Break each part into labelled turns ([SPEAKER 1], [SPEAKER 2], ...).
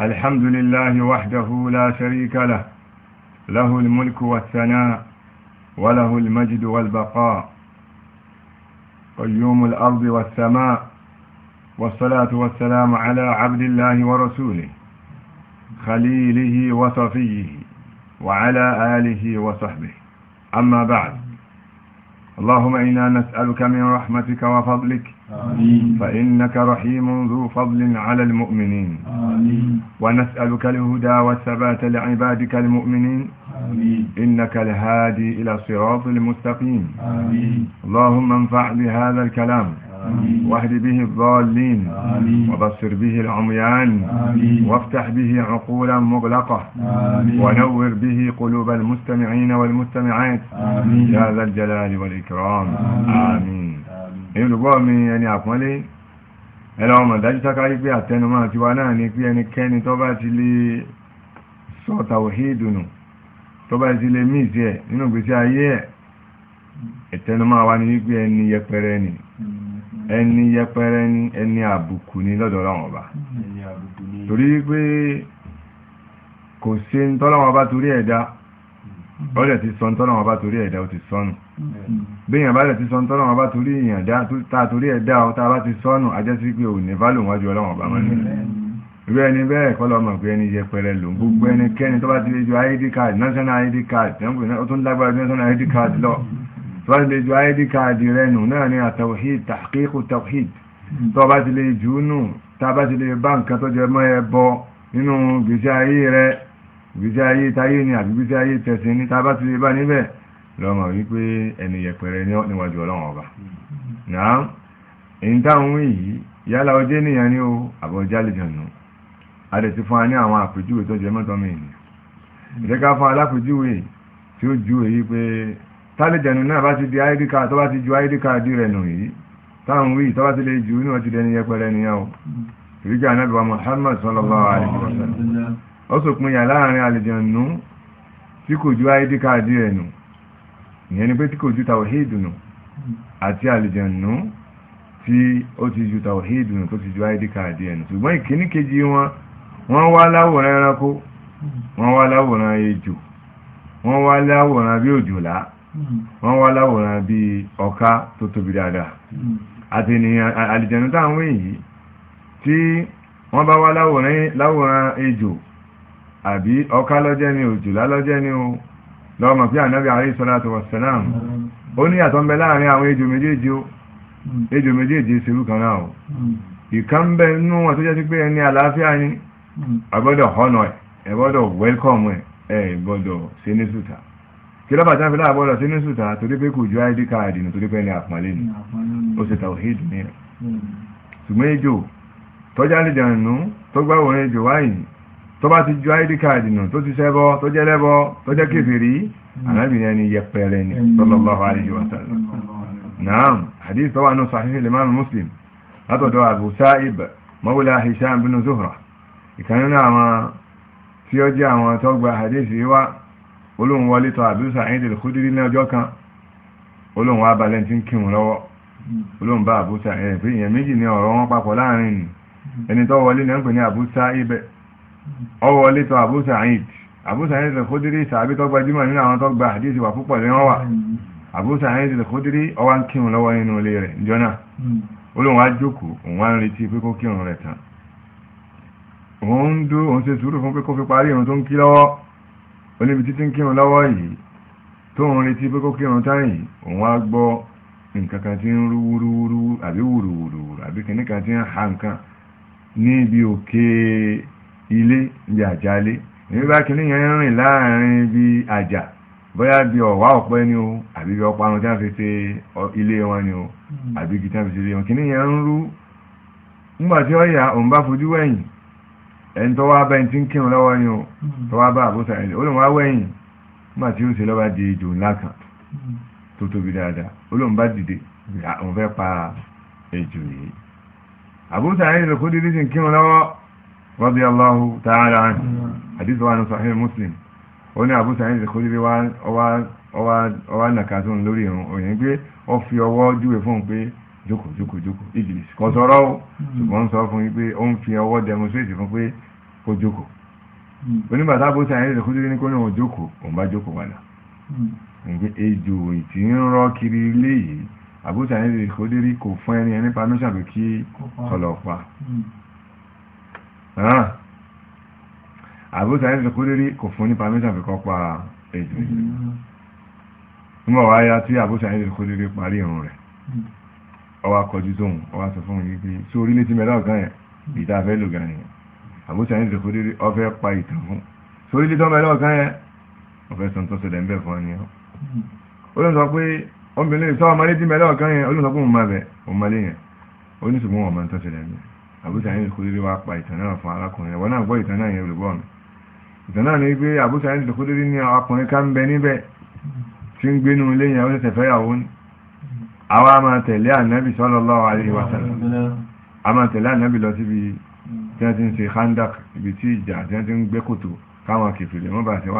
[SPEAKER 1] الحمد لله وحده لا شريك له له الملك والثناء وله المجد والبقاء قيوم الأرض والسماء والصلاة والسلام على عبد الله ورسوله خليله وصفيه وعلى آله وصحبه أما بعد اللهم إنا نسألك من رحمتك وفضلك فإنك رحيم ذو فضل على المؤمنين آمين ونسألك الهدى والثبات لعبادك المؤمنين آمين إنك الهادي إلى صراط المستقيم آمين اللهم انفع بهذا الكلام آمين. واهد به الضالين آمين. وبصر به العميان آمين. وافتح به عقولا مغلقة ونور به قلوب المستمعين والمستمعات يا ذا الجلال والإكرام آمين èyí olùgbọ́ mi ẹni àpọ́nlé ẹlọ́ ọmọ ìdájú sáká wípé àtẹnumọ́ tiwa náà ni pé ẹnikẹ́ni tó bá ti lè sọ tàwhídùn tó bá ti lè míìsì ẹ̀ nínú ìgbésí ayé ẹ̀ ẹ̀tẹnumọ́ wa ni wípé ẹni yẹpẹrẹ ni ẹni yẹpẹrẹ ni ẹni àbùkù ni lọ́dọ̀ Ọlọ́run Ọba torí pé kò sí ń tọ́lọ́wọ́n torí ẹ̀dá ọ̀rẹ́ ti sọ ntọ́nà ọba torí ẹ̀dá o ti sọnù bẹ́yìn àbálẹ̀ ti sọ ntọ́nà ọba torí ìyànjá ta torí ẹ̀dá ọta bá ti sọnù ajẹ́sí pé ò ní válò wájú ọlọ́run ọba mọ́ nílẹ̀ irú ẹni bẹ́ẹ̀ kọ́ lọ́mọ pé ẹni yẹpẹrẹ lò gbogbo ẹnikẹ́ni tó bá ti lè ju id card national id card ó tún lágbára ju national id card lọ tó bá ti lè ju id card rẹ nù náà ní àtàwíhìd tàkíkù tàwíhìd tó bá ti lè jù ú nù tá a bá ti lè bá nǹkan tó jẹ mọ́ ẹ bọ nínú gbèsè ayé rẹ ìgbésí ayé táyé ni àti ìgbésí ayé tẹ̀sìn ní tá a bá ti lè bá níbẹ̀ lọ́mọ wípé ẹni yẹpẹrẹ ní níwájú ọlọ́run ọba náà èyí táwọn wí yìí yálà ọjẹ́ nìyẹn ni ó àbọ̀já lè jànú a dẹ̀ ti fún wa ní àwọn àpèjúwe tó jẹ mọ́tọ́ mi ènìyàn ìjẹ́ ká fún alápèjúwe tí ó ju èyí pé tálẹ̀jẹ̀nù náà bá ti di id card tó bá ti ju id card rẹ̀ nù yìí táwọn wí tó bá ti lè ju ní wọ́n yẹpẹrẹ nìyẹn o ìrìjà anábìwá Muhammad sallallahu ó sòpinya láàrin àlejànú tí kò ju id káàdì rẹ̀ nù ìyẹn ni pé tí kò ju tawhid nù àti àlejànú tí ó ti ju tawhid nù tó ti ju id káàdì rẹ̀ nù ṣùgbọ́n ìkíní kejì wọn wọ́n wá láwòrán ẹranko wọ́n wá láwòrán ejò wọ́n wá láwòrán bí òjòlá wọ́n wá láwòrán bí ọká tó tóbi dáadáa àti ènìyàn àlejànú táwọn èyí tí wọ́n bá wá láwòrán ejò àbí ọká lọ́jẹ́ ni òjòlá lọ́jẹ́ ni o lọ́mọ pé ànábì ari salatu ó ní yàtọ̀ ń bẹ láàrin àwọn ejò méjèèjì o ejò méjèèjì ṣerú kan náà o ń bẹ nínú wọn tó jẹ́ pé ẹni àlàáfíà ni àgbọ́dọ̀ họ́nà ẹ̀ gbọ́dọ̀ wẹ́lkọ̀mù ẹ̀ ẹ gbọ́dọ̀ ṣe ní sùtà kí lọ́ba tí wọ́n fi láàbọ̀dọ̀ ju id káàdì nù torí pé ẹni àpọ́nlé ni ó ṣe ní ṣùgbọ́n ejò tọ́jà lè tó tó bá ti ju id card nù tó ti ṣẹbọ tó jẹ́ lẹ́bọ tó jẹ́ kèfèrí mm. ànábì ẹni yẹpẹrẹ ni mm. sallallahu alaihi wa sallam naam hadith tó wà nù sahih limam muslim látọ̀dọ̀ abu sa'ib mawla hisham bin zuhra ìkànnì náà àwọn tí ó jẹ́ àwọn tó gba hadith yìí wá olóhùn wọlé tó abu sa'id al-khudri ní ọjọ́ kan olóhùn wa balẹ̀ ń kírun lọ́wọ́ mm. olóhùn bá abu sa'id ọwọ́ létan Abu Sa'id Abu Sa'id al-Khudri sàbí tó gbajúmọ̀ nínú àwọn tó gba àdíṣì wà púpọ̀ lé wọ́n wà Abu Sa'id al-Khudri ọwá ń kírun lọ́wọ́ nínú ilé rẹ̀ jọ́nà olóhùn á jókòó òun á ń retí pé kó kírun rẹ̀ tán òun ń dú òun ṣe sùúrù fún pé kó fi parí irun tó ń kí lọ́wọ́ oníbi títí ń kírun lọ́wọ́ yìí tó ń retí pé kó kírun tán yìí òun á gbọ́ nǹkan kan tí ń rú wúrúwúrú àbí wùrùwùrù àbí kìnnìkan tí ń ha nǹkan ní ibi òkè ilé ibi àjálé èmi bá kíní yẹn rìn láàrin ibi àjà bóyá bí ọ̀wá ọ̀pẹ ni o àbí bí ọparun tí wọ́n fi ṣe ilé wọn ni o
[SPEAKER 2] hmm. àbí
[SPEAKER 1] igi tí wọ́n fi ṣe ilé wọn kíní yẹn ń rú nígbà tí ọ̀yà òun bá fojú wẹ̀yìn ẹni tó wá bẹ́ẹ̀ tí ń kírun lọ́wọ́ ni o hmm. tó wá bá àbúrò sàrẹ́lì ó lóun wá wẹ̀yìn nígbà tí ó ṣe lọ́ba di ejò ńlá kan hmm. tó tóbi dáadáa ó lóun bá dìde òun fẹ́ pa ejò yìí àbúrò sàrẹ́lì kó dídí sí ń kírun lọ́wọ́ rọ́bí aláhu tààrà àdìsọ wa ní sahih muslim ó ní àbúsà yìí ti kójú bí wá nàka tó ń lórí ìrùn òyìn pé ó fi ọwọ́ júwe fún un pé jókòó jókòó jókòó ìjìlis kò sọ̀rọ̀ o hmm. ṣùgbọ́n sọ fún yín pé ó ń fi ọwọ́ demonstrate fún pé kó jókòó onígbàtà àbúsà yìí ti kójú ní kó ní òun jókòó òun bá jókòó padà hmm. nǹkan ejò ìtì ń rọ kiri ilé yìí àbúsà yìí ti kójú ní kò fún ẹni ẹni pàmíṣà pé kí ọlọ́pàá àbúrúsà yẹn sọkó lérí kò fún ní pàmíṣà fi kọ́ pa èjò yìí nígbà wá ya tí àbúrúsà yẹn sọkó lérí parí ìrun rẹ̀ ọwọ́ akọjú tóun ọwọ́ sọ fún yìí pé sí orílẹ̀ tí mẹ́lá ọ̀gá yẹn ìdá fẹ́ lò gan yẹn àbúrúsà yẹn sọkó lérí ọfẹ́ pa ìtàn fún sórí lítọ́ mẹ́lá ọ̀gá yẹn ọfẹ́ sọ tó ṣẹlẹ̀ ńbẹ̀ fún ẹni ó ló sọ pé obìnrin sọ ọmọdé tí mẹ́lá ọ̀gá yẹn ó ló sọ ọmọ àbúṣà yìí kò lè wá pa ìtàn náà fún arákùnrin ẹ̀wọ̀n náà gbọ́ ìtàn náà yẹn olùgbọ́ mi ìtàn náà ni pé àbúṣà yìí kò lè ní ọkùnrin ká ń bẹ níbẹ̀ tí ń gbénu ilé yẹn ó ṣẹ̀ṣẹ̀ fẹ́yàwó ni àwa máa tẹ̀lé ànábì sallallahu alaihi wasallam a máa tẹ̀lé ànábì lọ síbi tí wọ́n ti ń ṣe khandak ibi tí ìjà tí wọ́n ti ń gbẹ́ kòtò káwọn kìfìlẹ̀ mọ́ bá ṣe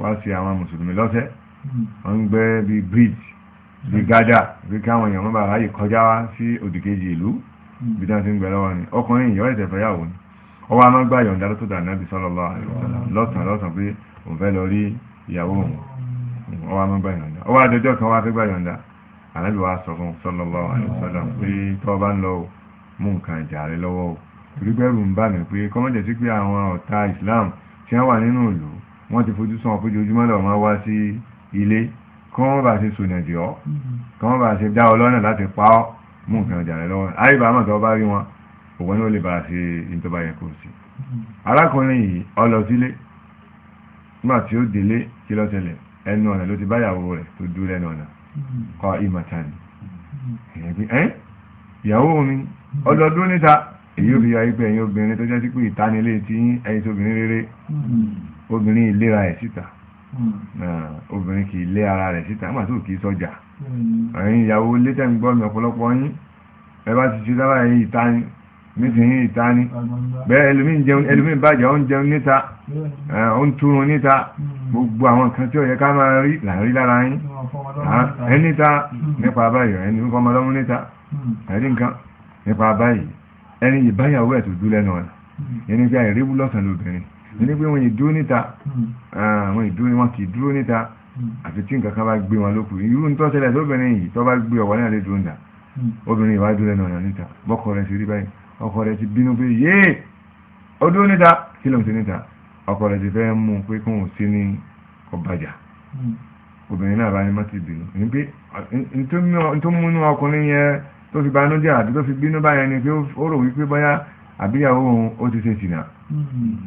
[SPEAKER 1] wá sí àwọn mùsùlùmí lọ́sẹ̀ wọ́n ń gbẹ́ bíi bridge bíi gada bíi káwọn èèyàn mọ́ bá ráyè kọjá wá sí òdìkejì ìlú bí dáhùn ti ń gbẹ̀rẹ̀ wà ní ọkùnrin yìí ọ̀rẹ́ ìtẹ̀fẹ́ yàwó ni ọwọ́ àmọ́ gbà yọ̀ǹda tó dà nábì sallallahu alaihi wasallam lọ́sàn lọ́sàn pé òun fẹ́ lọ rí ìyàwó òun ọwọ́ àmọ́ gbà yọ̀ǹda ọwọ́ àdójọ́ kan wá fẹ́ gbà yọ̀ǹda ànábì wa sọ fún sallallahu alaihi wasallam pé tọ́ bá ń lọ mú nǹkan ìjà rẹ lọ́wọ́ o torí bẹ́rù Islam tí wọ́n wà nínú ìlú wọ́n ti fojú sàn fojoojúmọ́ lọ́wọ́ máa wá sí ilé kọ́mọ́ mú nǹkan ọjà rẹ lọ́wọ́ àyíbá àmọ́ tó bá rí wọn òun ló lè bá a ṣe ìtọ́ba yẹn kò sí. arákùnrin yìí ó lọ sílé nígbà tí ó délé kí ló ṣẹlẹ̀ ẹnu ọ̀nà ló ti báyàwó rẹ̀ tó dúró lẹ́nu ọ̀nà kọ ìmọ̀tàn ni. ìyàwó mi ọlọ́dún níta èyí ò fi yọ ipò ẹ̀yin obìnrin tó jẹ́ sí pé ìtanilé ti obìnrin rere obìnrin ìlera ẹ̀ síta hmm. obìnrin kì í lé ara rẹ̀ síta nígbà tó kì í sọjà Hmm. ẹ̀yin ìyàwó ilé tẹ̀ ń gbọ́ mi ọ̀pọ̀lọpọ̀ yín ẹ bá ti ṣe dábàá yìí ìta ni mi ti yín ìta ni bẹ́ẹ̀ ẹlòmíín jẹun ẹlòmíín bàjẹ́ ó ń jẹun níta ó ń túrun níta hmm. gbogbo àwọn nǹkan tí ó yẹ ká máa rí là ń rí lára yín ẹni ta hmm. nípa báyìí ẹni nípa ọmọlọ́mú níta ẹni nǹkan nípa báyìí ẹni ìbáyàwó ẹ̀ tó dú lẹ́nu ọ̀la ẹni pé àìríwú lọ́sàn-án lóbìnrin ẹni pé wọ́n ì dúró níta wọ́n àfi tí nǹkan kan bá gbé wọn lókù irú ń tọ́sẹ̀lẹ̀ sóbìnrin yìí tó bá gbé ọ̀wọ́ náà lè dúró nà hmm. obìnrin ìwà dúró lẹ́nu ọ̀nà níta bọ́kọ rẹ̀ sì rí báyìí ọkọ rẹ̀ ti bínú pé yéè ó dúró níta kí ló ń ṣe níta ọkọ rẹ̀ ti fẹ́ mú pé kó ń sí ní ọbàjà hmm. obìnrin náà bá ní má ti bínú ní pé tó múnú ọkùnrin yẹn tó fi banújẹ́ àti tó fi bínú báyẹn ni pé ó rò wípé bóyá àbíyàwó òun ó ti ṣe sìnà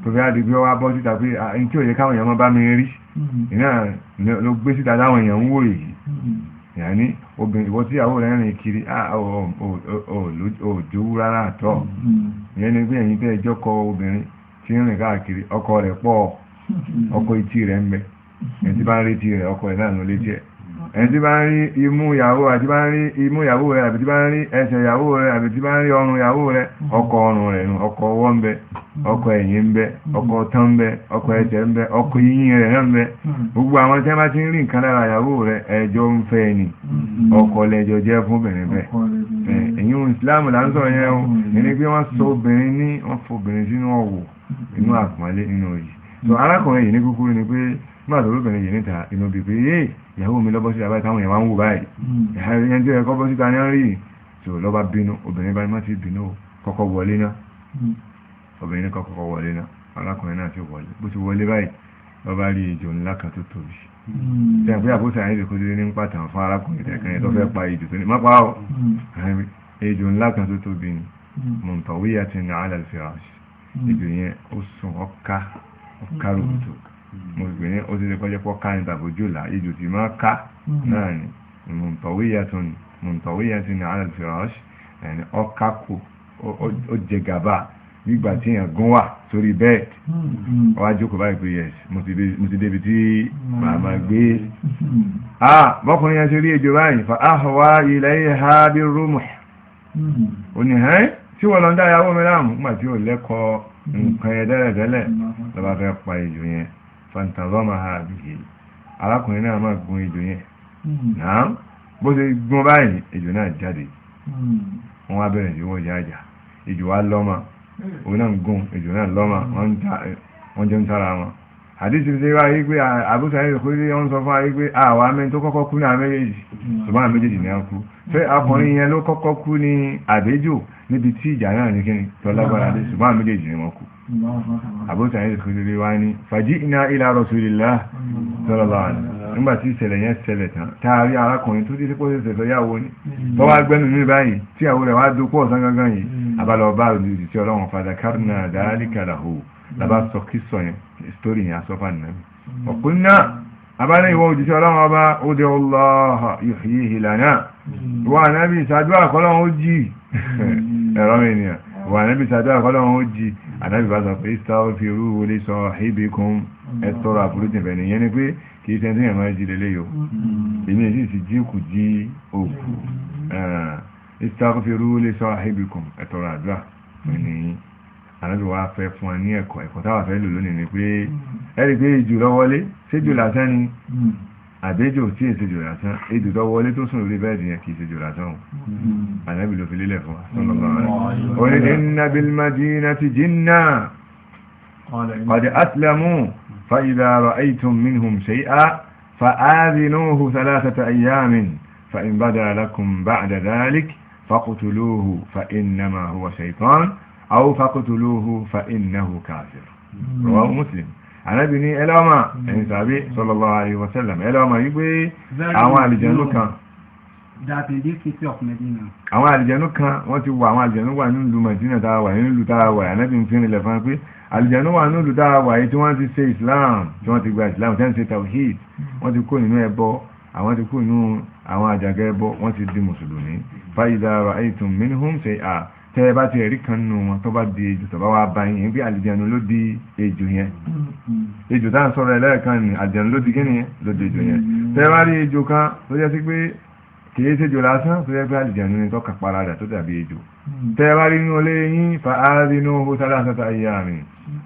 [SPEAKER 1] tòbí àdìgbé wa bọ́ síta pé ẹni tí ò yẹ káwọn èèyàn máa bá mi rí iná ló gbé síta láwọn èèyàn ń wò yìí yàní obìnrin ìwọ tí àwọn rìn kiri òjòwú rárá àtọ́ ìyẹn ni pé ẹ̀yin tẹ́ obìnrin tí ń rìn káàkiri ọkọ rẹ̀ pọ̀ ọkọ etí rẹ̀ ń bẹ ẹ̀ tí bá ń retí ọkọ rẹ̀ náà ló létí ẹni tí bá ń rí imú ìyàwó àti bá ń rí imú ìyàwó rẹ̀ àbí tí bá ń rí ẹsẹ̀ ìyàwó rẹ̀ àbí bá ń rí ọrùn ìyàwó rẹ̀ ọkọ̀ ọrùn rẹ̀ nù ọkọ̀ ọwọ́ ń bẹ ọkọ ẹ̀yìn ń bẹ ọkọ ọ̀tán ń bẹ ọkọ ẹsẹ̀ ń bẹ ọkọ yíyín rẹ náà ń gbogbo àwọn tí bá ti ń rí nǹkan ọkọ fún obìnrin là ń yẹn o ẹni pé sọ máa lọ lóbìnrin yìí níta inú bíi pé yéè ìyàwó mi lọ́bọ́ sí abáyé táwọn èèyàn máa ń wò báyìí hmm. ẹ̀yẹn tí ẹ̀kọ́ bọ́ síta ní rí tí ò lọ́ba bínú obìnrin bá ní má ti bínú kọ́kọ́ wọlé náà hmm. obìnrin kọ́kọ́ wọlé náà alákùnrin náà ti wọlé bó ti wọlé báyìí lọ́ba rí ìjò ńlá kan tó tóbi tẹ́yìn hmm. pé àbúrò sàyẹn ti kó dé ní pàtàkì fún arákùnrin tẹ̀kẹ́ yẹn tó fẹ́ pa ìjò tó mo sì pè ní ó ti lè kọjá pọ́ ká ní tàbójúlà ìjù tí máa ká mm-hmm. náà ni mùntọ̀wíyàtún mùntọ̀wíyàtún ní alẹ́ fìrọ́ṣì ẹni ọ̀ká kù ó jẹ gàba nígbà tí èèyàn gún wà sórí bẹ́ẹ̀dì ọwá mm-hmm. jókòó báyìí pé yẹs mo ti débi tí mm-hmm. màmá gbé ah, bọ́kùnrin yẹn ṣe rí ejò báyìí fa ahwa ilayha bir rumh òní hẹ́n tí wọ́n lọ ń dá ìyàwó mi láàmú nígbà tí ò lẹ́kọ̀ọ́ nǹkan yẹn tẹ́lẹ̀tẹ́lẹ̀ lọ́ba fẹ́ pa ejò yẹn fàǹtàzọ́màhà àbíyè arákùnrin náà máa gun ejò yẹn
[SPEAKER 2] hmm. náà
[SPEAKER 1] bó ṣe gun báyìí ejò náà jáde hmm. wọ́n wá bẹ̀rẹ̀ ìwọ́ ìyájà ejò wá lọ́mà hmm. òun náà gun ejò náà lọ́mà wọ́n jẹun sára wọn àdìsí ti wá yí pé àbúsà yìí kú sí ọ̀n sọ fún ayé pé àwa amẹ́ni tó kọ́kọ́ kú ní àméjèèjì ṣùgbọ́n àméjèèjì ni a kú ṣé ọkùnrin yẹn ló kọ́kọ́ kú ní àbẹ́jò níbi tí ìjà náà ní kíni tó lágbára dé ṣùgbọ́n àméjèèjì ni wọ́n kú àbúsà yìí kú sí wá ní fàjí iná ilà rasulillah sallallahu alaihi nígbà tí ìṣẹ̀lẹ̀ yẹn ṣẹlẹ̀ tán táàrí arákùnrin tó ti pọ́ ṣẹ̀ṣẹ̀ sọ́yàwó ni tó wá gbẹ́nu mi báyìí tí àwọn rẹ̀ wá dókú ọ̀sán gangan yìí abalọ̀ bá òdì tí ọlọ́run fàdà kárùnà dáálì kàlàhó làbá sọ kí sọ yẹn sítórì yẹn asọ́fà nàbí ọ̀pìn náà abáná ìwọ òjíṣẹ́ ọlọ́run ọba ó dé ọlọ́ọ̀hà yuhyihi lana hmm. ìwọ ànábì ìṣàdúrà kọ́lọ́run ó jì hmm. ẹ̀rọ ènìyàn hmm. ìwọ ànábì ìṣàdúrà kọ́lọ́run ó jì ànábì bá sọ pé istaghfiru li sahibikum ẹ tọrọ àforíjì fẹ̀ nìyẹn ni pé kì í sẹ́ńtì yẹn máa jí lélẹ́ yòó èmi èsì sì jí kù jí òkú istaghfiru li sahibikum ẹ tọrọ àdúrà ànábì wa fẹ́ fún ọ ní ẹ̀kọ́ ẹ̀kọ́ táwa fẹ́ lò lónìí ni pé ẹ̀rí pé ìjù lọ́wọ́lé séjù mm. lásán ni mm. àbẹ́jò tí èsèjò lásán èjò lọ́wọ́lé tó sùn lórí bẹ́ẹ̀dì yẹn kì í séjò lásán o mm. ànábì ló fi lélẹ̀ fún wa sọ́lọ́mọ́ rẹ̀ onídìí nnabil madinati jinna qad aslamu fa idha ra'aytum minhum shay'an fa'adhinuhu thalathata ayyamin fa in bada lakum ba'da dhalik fa innama huwa shaytan aw faqtuluhu fa innahu kafir rawahu muslim ànábì ní ẹlọ́mà ẹ̀yìn tàbí sallallahu alaihi wasallam ẹlọ́mà yí pé àwọn àlìjẹ̀nú kan àwọn àlìjẹ̀nú kan wọ́n ti wà àwọn àlìjẹ̀nú wà nínú ìlú Madina tá a wà nínú ìlú tá a wà ànábì ń fi rìnlẹ̀ fún pé àlìjẹ̀nú wà nínú ìlú tá a wà yìí tí wọ́n ti ṣe Islam tí wọ́n ti gba Islam tí wọ́n ti ṣe tawhid wọ́n ti kó nínú ẹbọ àwọn ti kó nínú àwọn àjàgà ẹbọ wọ́n ti di mùsùlùmí fa idha ra'aytum minhum shay'an tẹ́ ẹ bá ti ẹ̀rí kan nù wọn tó bá di ejò tó bá wá bá yín bí àlìjẹnu ló di ejò yẹn ejò tá à ń sọ̀rọ̀ ẹ lẹ́ẹ̀kan ni àlìjẹnu ló di kí nìyẹn ló di ejò yẹn tẹ́ ẹ bá rí ejò kan tó yẹ sí pé kìí ṣèjò lásán tó yẹ pé àlìjẹnu ni tó kà para rẹ̀ tó dàbí ejò tẹ́ ẹ bá rí inú olé yín fa áárí inú owó sálá sọ́tà ayé àmì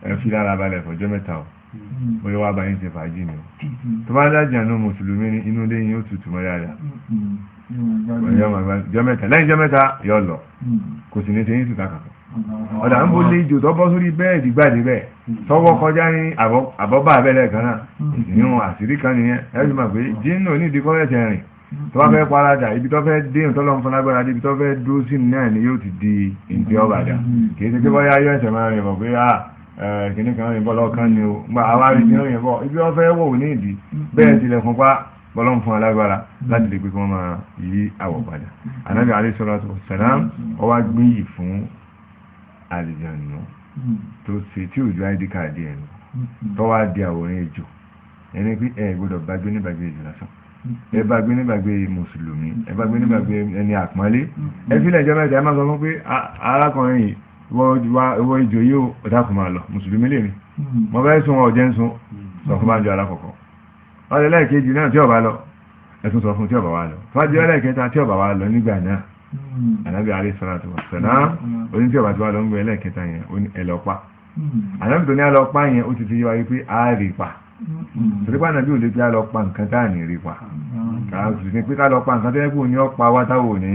[SPEAKER 1] ẹ fi lára balẹ̀ fọjọ́ mẹ́ta o bóyá wàá bá yín ṣe fàájì ni o tó bá Hmm. jọmẹta lẹ́yìn jọmẹta yọ lọ hmm. kò sì ní sẹ́yìn sì kàkà ọ̀dà ń bo lé ìjò tó bọ́ sórí bẹ́ẹ̀dì gbàdé bẹ́ẹ̀ hmm. tọwọ́ kọjá ní àbọ̀bá abẹ́lẹ̀ kan náà ìyún àṣírí kan nìyẹn ẹ̀rù mà pé jínú nídìí kọ́lẹ̀tẹ̀ rìn tó bá fẹ́ parada ibi tó fẹ́ dé ìtọ́lọ́run fún lágbára ibi tó fẹ́ dúró sí náà ni yóò ti di ìdí ọ̀bàdà kì í ṣe pé bọ́yá yọ ẹ̀sẹ̀ máa rìn bọ̀ pé kìnnìkan rìn bọ̀ lọ́kàn ni o àwa rí ti rìn bọ̀ ibi wọ́n fẹ́ wò ní ìdí bẹ́ẹ̀ tilẹ̀kùn pa bọ́lọ́n fún alágbára hmm. láti lè gbé kí wọ́n máa yí àwọ̀ padà anábì alẹ́ sọ́lá tó sàlám ọ wá gbé yìí fún àlìjànù hmm. tó ṣe tí òjò id card ẹ̀ lọ hmm. tó wá di àwòrán ejò ẹni pé ẹ gbọ́dọ̀ bá gbé nígbàgbé ejò lásán ẹ bá gbé nígbàgbé mùsùlùmí ẹ bá gbé nígbàgbé ẹni àpọ́nlé ẹ fílẹ̀ ìjọba ìjà máa sọ fún pé arákùnrin yìí wọ́n ejò yìí ó dákùn ọ̀rẹ́ lẹ́ẹ̀kejì náà tí ọba lọ ẹ̀sùn sọ fún tí ọba wa lọ fájú ẹlẹ́ẹ̀kẹta tí ọba wa lọ nígbà náà ànábì alẹ́ sọ́nà tó wà sẹ́nà oní tí ọba tí wà lọ ń gbé ẹlẹ́ẹ̀kẹta yẹn ẹlọ́pàá ànábì tó ní alọ́pàá yẹn ó ti fi wáyé pé a rí pa torí pé ànábì ò lè fi alọ́pàá nǹkan tá à ní rí pa kàá sì ní pé ká lọ́pàá nǹkan tó yẹ kó ní ọ̀pá wá táwọn ò ní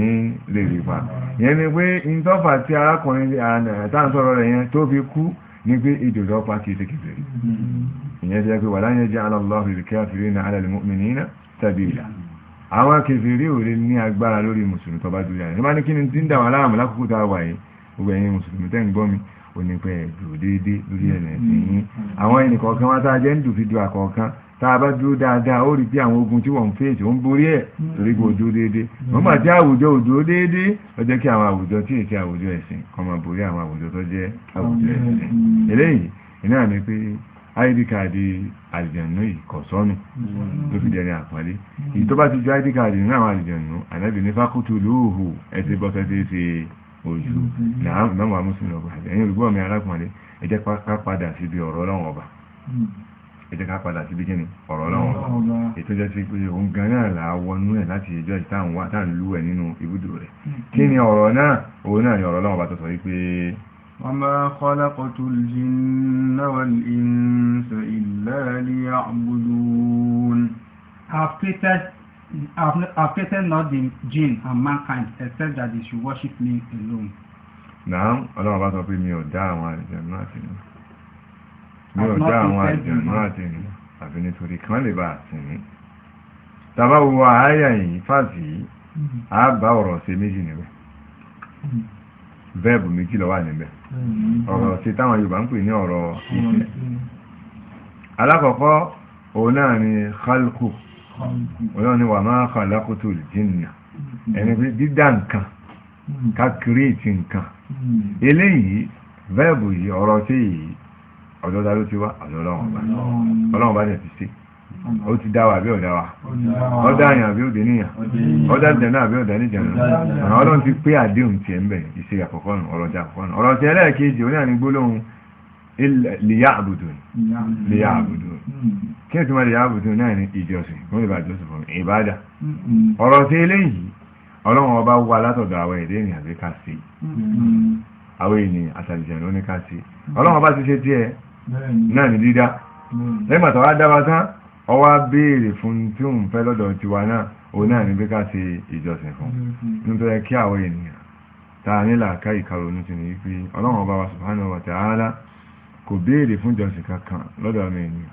[SPEAKER 1] lè rí pa yẹn ni pé ìtọ́fà tí arákùnrin táà rẹ̀ yẹn tó fi kú ní pé ìdòdó pa kìí sí kìí ìyẹn jẹ́ pé wàlá yẹn jẹ́ aláàlọ́hù ìrìkáfìrí na alàlùmọ́mìnira tàbílà àwọn kèfèrí ò lè ní agbára lórí mùsùlùmí tó bá dúró yàrá nígbà ní kí ni tí ń dà wà láàmú lákòókò tá a wà yìí gbogbo ẹ̀yin mùsùlùmí tẹ́ ń gbọ́ mi ò ní pẹ́ dùn déédéé lórí ẹ̀rẹ̀ tá a bá dúró dáadáa ó rí pé àwọn ogun tí wọ́n ń fèsì ó ń borí ẹ̀ hmm. torí kò dúró déédéé hmm. wọ́n mà tí àwùjọ ò dúró déédéé ó jẹ́ kí àwọn àwùjọ tí èsì àwùjọ ẹ̀sìn kọ́ máa borí àwọn àwùjọ tó jẹ́ àwùjọ hmm. ẹ̀sìn eléyìí iná mi pé id card àlìjẹ̀nù ìkọ̀sọ́nù ló fi dẹ̀rẹ̀ àpọ́lé èyí tó bá ti ju id card nínú àwọn àlìjẹ̀nù ànábì ní fákútù lóòhù ẹsẹ̀ bọ́sẹ̀ tí ṣe ojú náà mọ̀ àmúṣin lọ́gbà ẹ̀yìn ẹ ká padà sí bí ọ̀rọ̀ ọlọ́run ètò jẹ́ sí pé òun gan náà là á wọnú ẹ̀ láti ìjọ ìta ń tá à ń lú ẹ̀ nínú ibùdó rẹ̀ hmm. kí ni ọ̀rọ̀ náà òun náà ni ọ̀rọ̀ ọlọ́run bá tó sọ wípé. wama khalaqatul jinna wal insa illa liya'budun. I've created I've created not the jinn and mankind except that they should worship me alone. Naam, ọlọ́run bá sọ pé mi ò dá àwọn àlejò náà sí ní ọ̀dọ́ àwọn àjọ̀nú àtẹnu àfi nítorí kan lè bá àtìní tàbá wo àáyà yìí fáàsì yìí a bá ọ̀rọ̀ ṣe méjì níbẹ̀ bẹ́ẹ̀bù méjì ló wà níbẹ̀ ọ̀rọ̀ ṣe táwọn Yorùbá ń pè ní ọ̀rọ̀ ìṣẹ́ alákọ̀ọ́kọ́ òun náà ni khalku ọlọ́run ni wà máa khalaqtu jinna ẹni pé dídá nǹkan ká kírètì nǹkan eléyìí bẹ́ẹ̀bù yìí ọ̀rọ̀ ṣe yìí ọ̀dọ́dá ló ti wá ọ̀dọ́ ọlọ́run ọba ọlọ́run ọba dẹ̀ ti ṣe ó ti dá wa àbí ọ̀dá wa ọ̀dá àyàn àbí òde níyàn ọ̀dá ìjànà àbí ọ̀dá níjànà àwọn ọlọ́run ti pé àdéhùn tiẹ̀ ń bẹ̀ ìṣe àkọ́kọ́ nù ọ̀rọ̀ ti àkọ́kọ́ nù ọ̀rọ̀ ẹlẹ́ẹ̀kejì ó ní àní gbólóhùn lìyà àbùdù lìyà àbùdù kí ni tí wọ́n lìyà àbùdù náà ní ìjọsìn fún ìbá ìjọsìn fún ìbádà hmm. ọ̀rọ̀ ti eléyìí ọlọ́run ọba wà látọ̀dọ̀ àwọn èdè ènìyàn bí ká sí hmm. àwọn ènìyàn àtàlìjẹ̀ ló ní ká sí ọlọ́run ọba ti ṣe díẹ̀ náà ní dídá lẹ́gbà tó wá dábàá tán ọ wá béèrè fún tí òun fẹ́ lọ́dọ̀ tiwa náà òun náà ní bí ká ṣe ìjọsìn fún nítorí kí àwọn ènìyàn ta ní làákà ìkarònú ti ní wípé ọlọ́run ọba wa subhanahu wa ta'ala kò béèrè fún ìjọsìn kankan lọ́dọ̀ ọmọ ènìyàn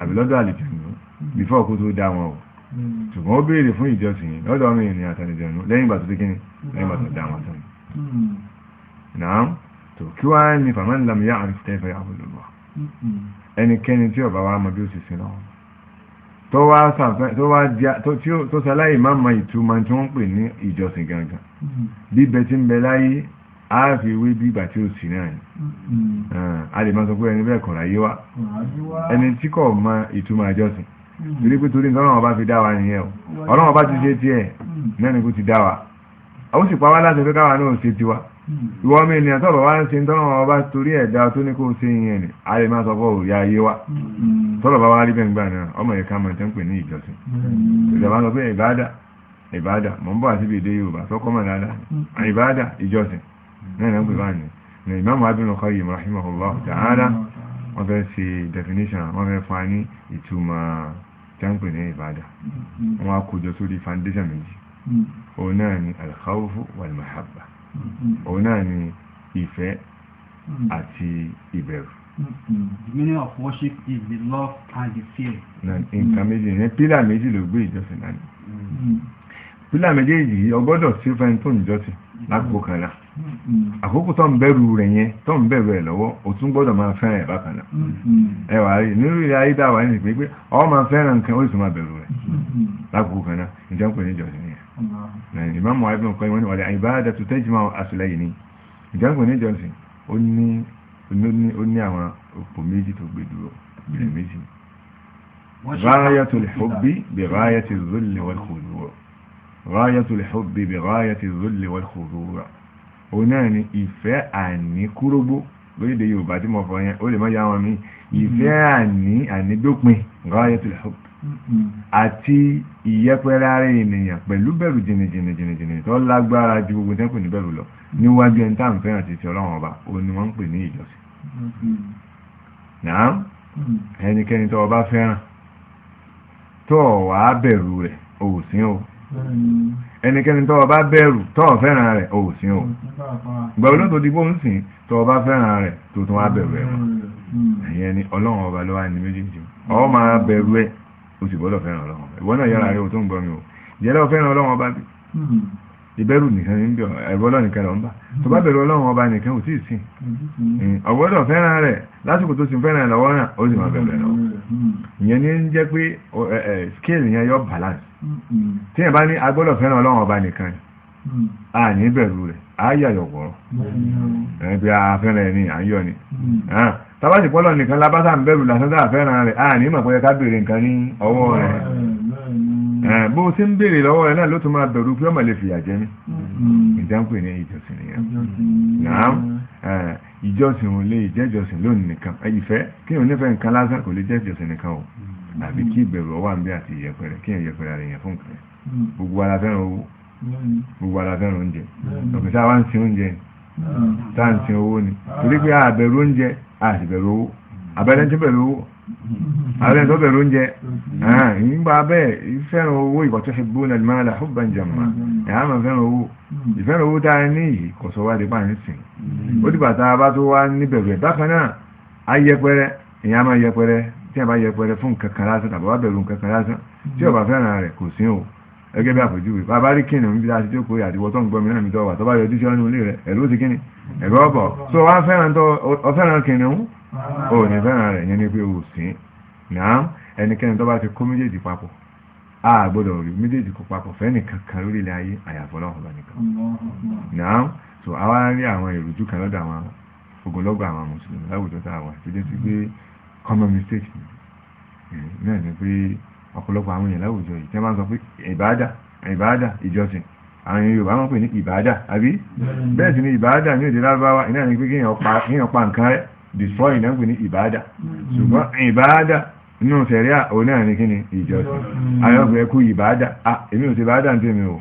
[SPEAKER 1] àbí lọ́dọ̀ àlìjẹ̀nù mm-hmm. bífọ́ kó tó dá wọn o
[SPEAKER 2] mm-hmm. ṣùgbọ́n
[SPEAKER 1] ó béèrè fún ìjọsìn yìí lọ́dọ̀ ọmọ ènìyàn àtàlìjẹ̀nù lẹ́yìn ìgbà tó dé kíni lẹ́yìn ìgbà tó dá wọn tán.
[SPEAKER 2] Mm-hmm
[SPEAKER 1] tó kí wá ní faman lam ya'rif kayfa ya'budu Allah ẹnikẹ́ni tí ọba wa mọ bí ó ti sin lọ́wọ́ tó wá tó sáláì má ma ìtumọ̀ tí wọ́n pè ní ìjọsìn gangan bíbẹ tí ń bẹ láyé a fi wé bí ìgbà tí ó sì náà ni a lè máa sọ pé ẹni bẹ́ẹ̀ kọ̀ọ̀rọ̀ ayé wa ẹni tí kò mọ ìtumọ̀ àjọsìn torí pé torí ọlọ́run ọba fi dá wa nìyẹn o ọlọ́run ọba ti ṣe tiẹ̀ náà ni kò ti dá wa ó sì pa wá láti fẹ́ káwa náà ṣe tiwa. ìwọ mi ènìyàn tọ́bọ̀ wá ń ṣe tọ́nà wọn bá torí ẹ̀dá tó ní kó yẹn ni a máa sọ fọ́ òòyà ayé wa
[SPEAKER 2] mm.
[SPEAKER 1] tọ́lọ̀ bá wá rí bẹ́ẹ̀ gbà náà ọmọ yẹn ká tẹ́ ń pè ní ìjọsìn mm. ìjọba sọ pé ìbáàdà ìbáàdà mọ̀ ń bọ̀ àti bèdè Yorùbá sọ́kọ́ mọ̀ dáadáa mm. ìbáàdà ìjọsìn náà náà ń pè bá ní ní Imam Ibn Qayyim rahimahullahu ta'ala wọ́n fẹ́ ṣe Mm-hmm. òun náà ni ìfẹ́ mm-hmm. àti ìbẹ̀rù. Mm-hmm. The meaning of worship is the love and the fear. Nǹkan méjì ní pílà méjì ló gbé ìjọsìn náà. Pílà méjèèjì yìí ọgbọ́dọ̀ sí fẹ́ni tó ń jọ́sìn Akụkụ kan náà. Àkókò tó ń bẹ̀rù rẹ̀ yẹn tó ń bẹ̀rù ẹ̀ lọ́wọ́ o tún gbọ́dọ̀ máa fẹ́ràn
[SPEAKER 2] ẹ̀
[SPEAKER 1] ọ máa fẹ́ràn nǹkan ó sì máa bẹ̀rù
[SPEAKER 2] rẹ̀
[SPEAKER 1] kan náà ní يعني الإمام وابن القيم والعبادة تجمع أصلين جالبوا نيجا لسي أني أني أني أنا بميجي تبدو بالميجي غاية الحب بغاية الذل والخضوع غاية الحب بغاية الذل والخضوع أناني إفاء أني كربو غير ديو بعد ما فاين أولي ما يعمل مي إفاء أني أني دوك مي غاية الحب àti ìyẹpẹrẹ ara ènìyàn pẹ̀lú bẹ̀rù jìnnìjìnnìjìnnì tó lágbára ju gbogbo tẹ́kùn ní bẹ̀rù lọ níwájú ẹni tá à ń fẹ́ràn ti ti ọlọ́run ọba ó ní wọ́n ń pè ní ìjọsìn. nàá ẹnikẹ́ni tó o bá fẹ́ràn tó o wà á bẹ̀rù rẹ̀ o ò sín o ẹnikẹ́ni tó o bá bẹ̀rù tó o fẹ́ràn rẹ̀ o ò sín o gbà olóò tó ń sìn tó o fẹ́ràn rẹ̀ tó tún wá bẹ̀rù ẹ̀ mọ́ ni ọlọ́run ọba ló
[SPEAKER 2] wà
[SPEAKER 1] o sì gbọ́dọ̀ fẹ́ràn ọlọ́run ìwọ náà yára rẹ o tó ń gbọ́ mi o ìjẹ́ lọ́wọ́ fẹ́ràn ọlọ́run ọba bí hmm. ìbẹ̀rù nìkan ń bọ̀ ẹ̀rọ ọlọ́run nìkan lọ ń bà tó bá bẹ̀rù ọlọ́run ọba nìkan ò tí ì sìn o hmm. gbọ́dọ̀ fẹ́ràn rẹ̀ lásìkò tó ti fẹ́ràn lọ́wọ́ náà ó sì máa bẹ̀rẹ̀ lọ hmm. ìyẹn ní jẹ́ pé scale yẹn yọ balance tí yẹn bá ní a gbọ́dọ̀ fẹ́ràn ọlọ́run ọba nìkan a ní bẹ̀rù rẹ̀ a yà yọ̀wọ̀rọ̀ ẹ̀ bí a fẹ́ràn ẹ̀ ní à ń yọ ni tabasi pọlọ nìkan labasa ń bẹ̀rù lásán tá a fẹ́ràn rẹ̀ a ní mọ̀ pé ká béèrè nǹkan ní ọwọ́ rẹ̀ bó o ti ń béèrè lọ́wọ́ rẹ̀ náà ló tún máa bẹ̀rù pé ọmọ lè fìyà jẹ mí mm-hmm. ìjánpè ní ìjọsìn nìyẹn
[SPEAKER 2] náà
[SPEAKER 1] ìjọsìn ò lè jẹ́ ìjọsìn lónìí nìkan ìfẹ́ kí n ò nífẹ̀ẹ́ nǹkan lásán kò lè jẹ́ ìjọsìn nìkan o mm-hmm. àbí kí ìbẹ̀rù ọwọ́ àmì àti ìyẹpẹrẹ kí ìyẹpẹrẹ rẹ̀ yẹn fún nǹkan mm-hmm. gbogbo ara fẹ́ràn owó gbogbo ara fẹ́ràn àti bẹ̀rù owó abẹ́rẹ́ tó bẹ̀rù owó abẹ́rẹ́ tó bẹ̀rù oúnjẹ nígbà mm-hmm. ah, bẹ́ẹ̀ ìfẹ́ràn owó ìkọ̀tọ́ ṣẹgbó náà máa là ó bẹ̀rẹ̀ máa fẹ́ràn owó mm-hmm. ìfẹ́ràn owó tá a ní yìí kò sọ wá di pa nísìn mm-hmm. ó n'i tá bá tó wá bákan náà máa tí a bá fún lásán tàbí wá bẹ̀rù lásán tí bá fẹ́ràn gẹ́gẹ́ bí àpèjúwe bàbá rí kìnìún bí a ti jókòó àdìwọ́ tó ń gbọ́ mi náà mi dọ́wà tó bá yọ ojú sọ́nù ilé rẹ̀ ẹ̀rú ti kíni ẹ̀rọ ọ̀bọ̀ so wá fẹ́ràn tó ọ fẹ́ràn kìnìún ò ní fẹ́ràn rẹ̀ yẹn ni pé o sìn náà ẹnikẹ́ni tó bá ti kó méjèèjì papọ̀ a gbọ́dọ̀ rí méjèèjì kó papọ̀ fẹ́ni kankan lórí ilẹ̀ ayé àyàfọ́lọ́
[SPEAKER 2] ọ̀bà
[SPEAKER 1] so àwa rí àwọn èròjú kan lọ́dọ̀ àwọn ogunlọ́gọ̀ àwọn mùsùlùmí láwùjọ tá a wà tó jẹ́ sí ni pé ọ̀pọ̀lọpọ̀ àwọn èèyàn láwùjọ yìí tí wọ́n bá ń sọ pé ìbáàdà ìbáàdà ìjọsìn àwọn Yorùbá máa ń pè ní ìbáàdà àbí bẹ́ẹ̀ sì ni ìbáàdà ní èdè lábáwá iná ní pé kéèyàn pa nǹkan rẹ̀ destroy náà ń pè ní ìbáàdà ṣùgbọ́n ìbáàdà inú sẹ̀ríà òun náà ní kíni ìjọsìn ayọ̀gbẹ́ kú ìbáàdà ah èmi ò ṣe ìbáàdà ń tèmi o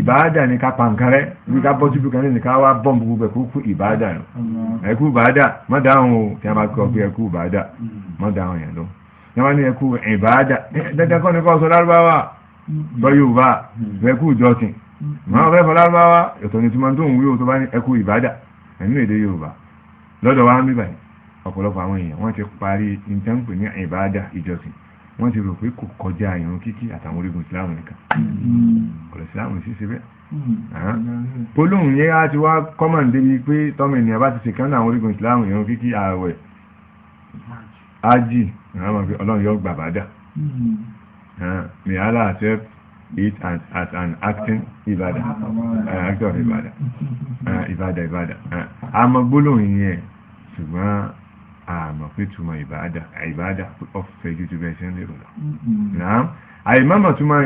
[SPEAKER 1] ìbáàdà ni ká pa nǹkan rẹ̀ bí ká bọ́ síbi kan ní ká wá bọ́ǹbù gbogbo ẹ̀kú kú ìbáàdà nù ẹ̀kú ìbáàdà má dáhùn o tí a bá kọ́ pé ẹ̀kú ìbáàdà má dáhùn yẹn lọ ni wọ́n ní ẹkú ìbáàdà dandan kọ́ ni kọ́ sọ lárúbáwá gbọ́ yorùbá ẹkú ìjọsìn mọ́ ọ̀fẹ́ fọ lárúbáwá ètò ní túmọ̀ tó ń wíwò tó bá ní ẹkú ìbáàdà ẹ̀nú èdè yorùbá lọ́dọ̀ wa ń bíbà yìí ọ̀pọ̀lọpọ̀ àwọn èèyàn wọ́n ti parí ìtẹ́ǹpẹ̀ ní ìbáàdà ìjọsìn wọ́n ti rò pé kò kọjá ìrun kíkí àtàwọn orígun ìsìláàmù nìkan kọ̀lọ̀ ìsìláàmù sí síbẹ̀ polóhùn yẹn á ti wá kọ́mọ̀ débi pé tọ́mọ ènìyàn bá ti ṣèkán àwọn orígun ìsìláàmù ìrun kíkí ààwẹ̀ ájì ọlọ́run yóò gbà bàdà
[SPEAKER 2] hmm.
[SPEAKER 1] may Allah accept it as, as an acting ibada actor act of ibada uh, ibada ibada àmọ́ gbólóhùn yẹn ṣùgbọ́n àmọ́ pé túmọ̀ ìbáàdà ìbáàdà ọ̀fẹ́ ju ti bẹ́ẹ̀ ṣe ń lérò lọ.
[SPEAKER 2] Hmm.
[SPEAKER 1] àìmọ́mọ̀ túmọ̀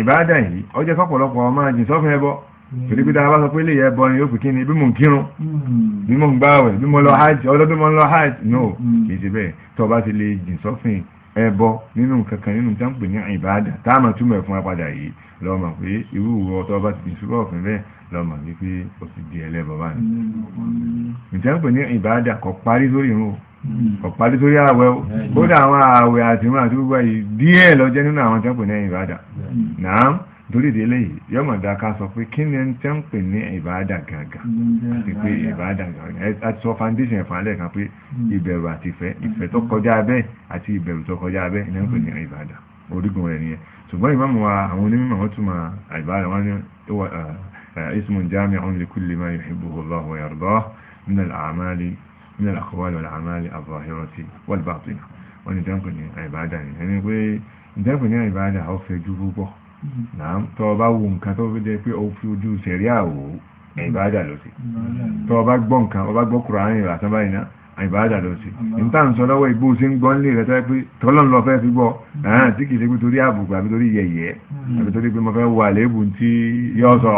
[SPEAKER 1] ìbáàdà yìí ọjọ́ kọ́pọ̀lọpọ̀ ọmọ àjìnsọ́fẹ́ bọ́ torí pé tá a bá sọ pé lè yẹ bọ ni yóò fi kí ni bí mò ń kírun bí mò ń gbààwẹ̀ bí mo lọ hajj ọlọ́dún mo ń lọ hajj no kì í ṣe bẹ́ẹ̀ tó o bá ti lè jìn sọ́fìn ẹbọ nínú kankan nínú tá ń pè ní ìbáàdà tá a máa túmọ̀ ẹ̀ fún wa padà yìí lọ́ọ́ mọ̀ pé irú ìwọ tó o bá ti fi ṣúgbọ́n ọ̀fìn bẹ́ẹ̀ lọ́ọ́ mọ̀ wípé o ti di ẹlẹ́bọ báyìí. ìtẹ́ ní ìbáàdà kò parí sórí irun kò parí sórí ààwẹ̀ o kódà àwọn ààwẹ̀ àti ìrun àti gbogbo torí ìdílé yìí yọ mọ̀ dá ká sọ pé kí ni ẹni tẹ́ ń pè ní ìbáadà gàgà
[SPEAKER 2] àti pé ìbáadà
[SPEAKER 1] gàgà àti sọ foundation ẹ̀fọn alẹ́ kan pé ìbẹ̀rù àti ìfẹ́ ìfẹ́ tó kọjá abẹ́ àti ìbẹ̀rù tó kọjá abẹ́ ni ń pè ní ìbáadà orígun rẹ̀ nìyẹn ṣùgbọ́n ìmáàmù wa àwọn onímọ̀ wọ́n túmọ̀ ìbáadà wọn ní ismun jami'un li ní dẹ́kun ní ìbáadà ni ẹni pé dẹ́kun ní ìbáadà ó tọ́ ọ bá wo nǹkan tó fi jẹ́ pé ó fi ojú sẹ̀ríà wò ìbáàdà ló sí tọ́ ọ bá gbọ́ nǹkan ọ bá gbọ́ Kùránì ìràtán báyìí náà àìbáàdà lọ sí níta ń sọ lọ́wọ́ igbó ṣe ń gbọ́ nílé rẹ̀ tẹ́ pé tọ́lọ́n lọ fẹ́ fi gbọ́ ẹ̀hán tí kìí ṣe pé torí àbùkù àbí torí yẹ̀yẹ́ àbí torí pé mo fẹ́ wà léèbù tí yọ sọ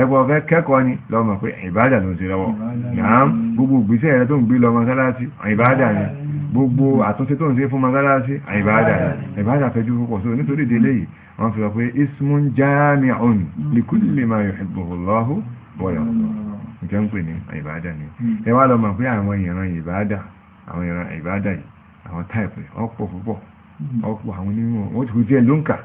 [SPEAKER 1] ẹ̀pọ̀ fẹ́ kẹ́kọ̀ọ́ ni lọ́mọ pé àìbáàdà ló ṣe lọ́wọ́ yàrá gbogbo ìgbésẹ̀ rẹ tó ń gbé lọ mọ́sálásí àìbáàdà ni gbogbo àtúnṣe tó ń ṣe fún mọ́sálásí àìbáàdà ni àìbáàdà fẹjú púpọ̀ sóò nítorí délé yìí wọ́n fi sọ pé ismun jami'un likulli ma yuhibbuhu Allahu wa yarda nǹkan mm. pè ní ìbáadà ni mm. ẹ wá lọ mọ̀ pé àwọn ìran ìbáadà àwọn ìran ìbáadà yìí àwọn táìpù ọ̀pọ̀ púpọ̀ mm. ọ̀pọ̀ àwọn onímọ̀ wọ́n ti kú díẹ̀ ló ń kà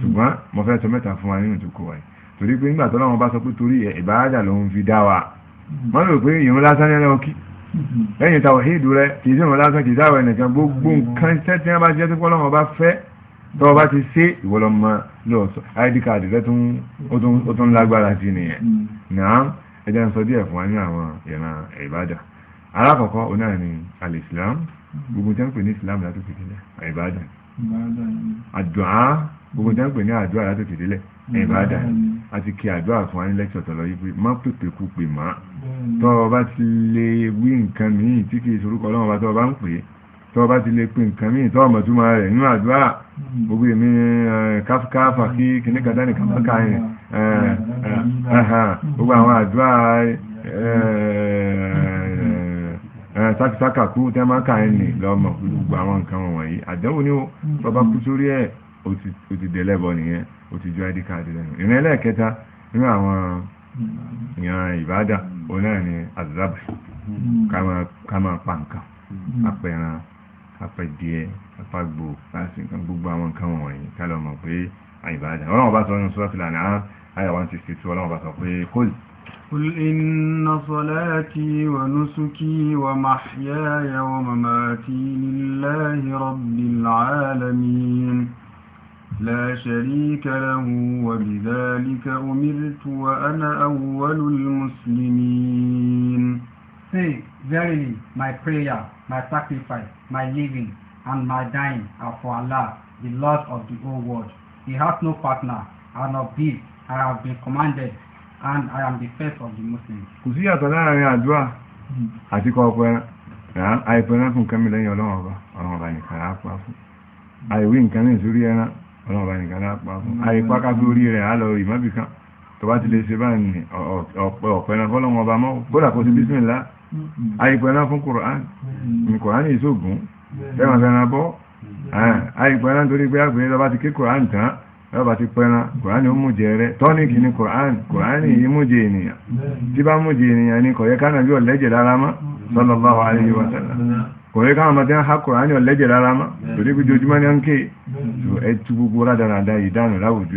[SPEAKER 1] ṣùgbọ́n mo fẹ́ sọ mẹ́ta fún wa nínú tó kọ wáyé torí pé nígbà tọ́lọ́wọ́n bá sọ pé torí ìbáadà ló ń fi dá wa wọ́n rò pé ìrún lásán ní ẹran kí mm-hmm. lẹ́yìn tàwọn èèdù rẹ kì í sí ìrún lásán kì í sáwọn ẹnìkan tọ́wọ́ bá ti ṣe ìwọlọ́mọ lóòótọ́ id card rẹ ó tún lágbára sí nìyẹn mm. náà ẹjẹ́ ń sọ díẹ̀ fún wa ní àwọn ìran ìbádà alákọ̀ọ́kọ́ òun náà ni alìsílám mm. gbogbo tẹ́ ń pè ní ìsìlámù látò kìdílẹ̀ ìbádà àdúà gbogbo tẹ́ ń pè ní àdúà látò kìdílẹ̀ ìbádà àti kí àdúà fún wa ní lẹ́kṣọ̀ tọ̀lọ́ yìí pé má pèpè kú pè má tọ́wọ́ bá ti lè wí nǹkan míì tí kì í sorúkọ ọlọ́run bá tọ́wọ́ bá ń pè é tó bá ti lè pè nǹkan míì tó ọmọ túmọ̀ rẹ̀ nínú àdúrà gbogbo èmi káfíkáfà kí mm. kìnní kan dání kàmá ká yẹn mm. gbogbo àwọn àdúrà sákìsákà kú tẹ́ máa ká yẹn nì lọ́mọ gbogbo àwọn nǹkan wọ̀nyí àdánwò ni ó bàbá kú sórí ẹ̀ ó ti dẹ̀lẹ́bọ nìyẹn ó ti ju id card lẹ́nu ìrìn ẹlẹ́ẹ̀kẹta nínú àwọn ìran ìbádà ó náà ni àdúrà mm. ká máa pa nǹkan apẹ̀ràn. apẹ̀díẹ̀ apagbo láti nǹkan gbogbo àwọn nǹkan wọ̀nyí ká lọ mọ̀ pé àìbáàdà ọlọ́run bá sọ nínú Suratul An'am àyà 162 ọlọ́run bá sọ pé kó قل إن صلاتي ونسكي ومحياي ومماتي لله رب العالمين لا شريك له وبذلك أمرت وأنا أول المسلمين Say, Verily, my prayer, my sacrifice, my living, and my dying are for Allah, the Lord of
[SPEAKER 2] the whole world. He has no partner, and of this I have been commanded, and I am the first of the Muslims.
[SPEAKER 1] Kò sí yàtọ̀ láàrin àdúrà àti kọ ọpọ ẹran, àìpẹ ẹran fún kẹ́mi lẹ́yìn ọlọ́run ọba, ọlọ́run ọba nìkan á pa fún. Àìwé nǹkan ní ìsúrí ẹran, ọlọ́run ọba nìkan á pa fún. Àìpá káfí orí rẹ̀ á lọ ìmọ̀bì kan. Tó bá ti lè ṣe báyìí ọ̀pẹ ọ̀pẹ ẹran fọ́lọ́run ọba mọ́, bódà kó ti bísí Mm-hmm. àìpẹ̀lá fún kùrán kùrán ní ìṣògùn ẹwọ̀n fẹ́ràn bọ́ mm-hmm. àìpẹ̀lá nítorí pé àgbẹ̀rẹ́ lọ́ba ti ké kùrán tán lọ́ba ti pẹ́ran kùrán ní ó mújẹ rẹ tọ́níkì ní kùrán kùrán ní yí ènìyàn mm-hmm. tí bá ni kọ̀yẹ́ kánà bí ọ̀lẹ́jẹ̀ lára mọ́ sallallahu alaihi wa sallam kọ̀wé káwọn ọmọdé ń ha kùránì ọ̀lẹ́jẹ̀ rárá mọ́ torí pé jojúmọ́ ní ọ́nkè ẹtú gbogbo ìdánù láwùjọ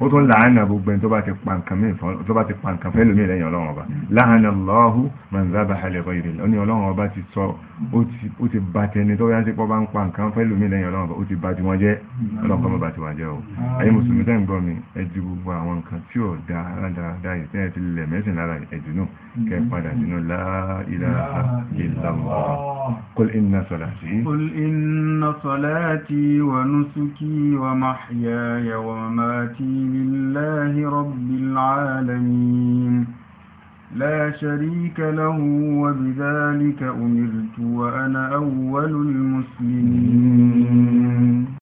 [SPEAKER 1] ó tún làánà gbogbo ẹni tó bá ti pa nǹkan mí tó bá ti pa nǹkan fẹ́ lómi lẹ́yìn ọlọ́run ọba làánà lọ́hù mọ̀nzábà àlẹ́kọ̀ ìrìlẹ̀ ó ọlọ́run ọba ti sọ ó ti ba tẹni tó yá sí pọ́ bá ń pa nǹkan fẹ́ lómi lẹ́yìn ọlọ́run ọba ó ti ba tiwọn jẹ́ ọlọ́run mọ́ ba tiwọn jẹ́ o ayé mùsùlùmí tẹ́ ń gbọ́ mi ẹ gbogbo àwọn nǹkan tí ò da aládàáda yìí tẹ́ ẹ ti lẹ̀ mẹ́sìn lára ẹ̀dùnú kẹ́ padà sínú la ilaha illallah qul inna salati qul inna salati لله رب العالمين لا شريك له وبذلك أمرت وأنا أول المسلمين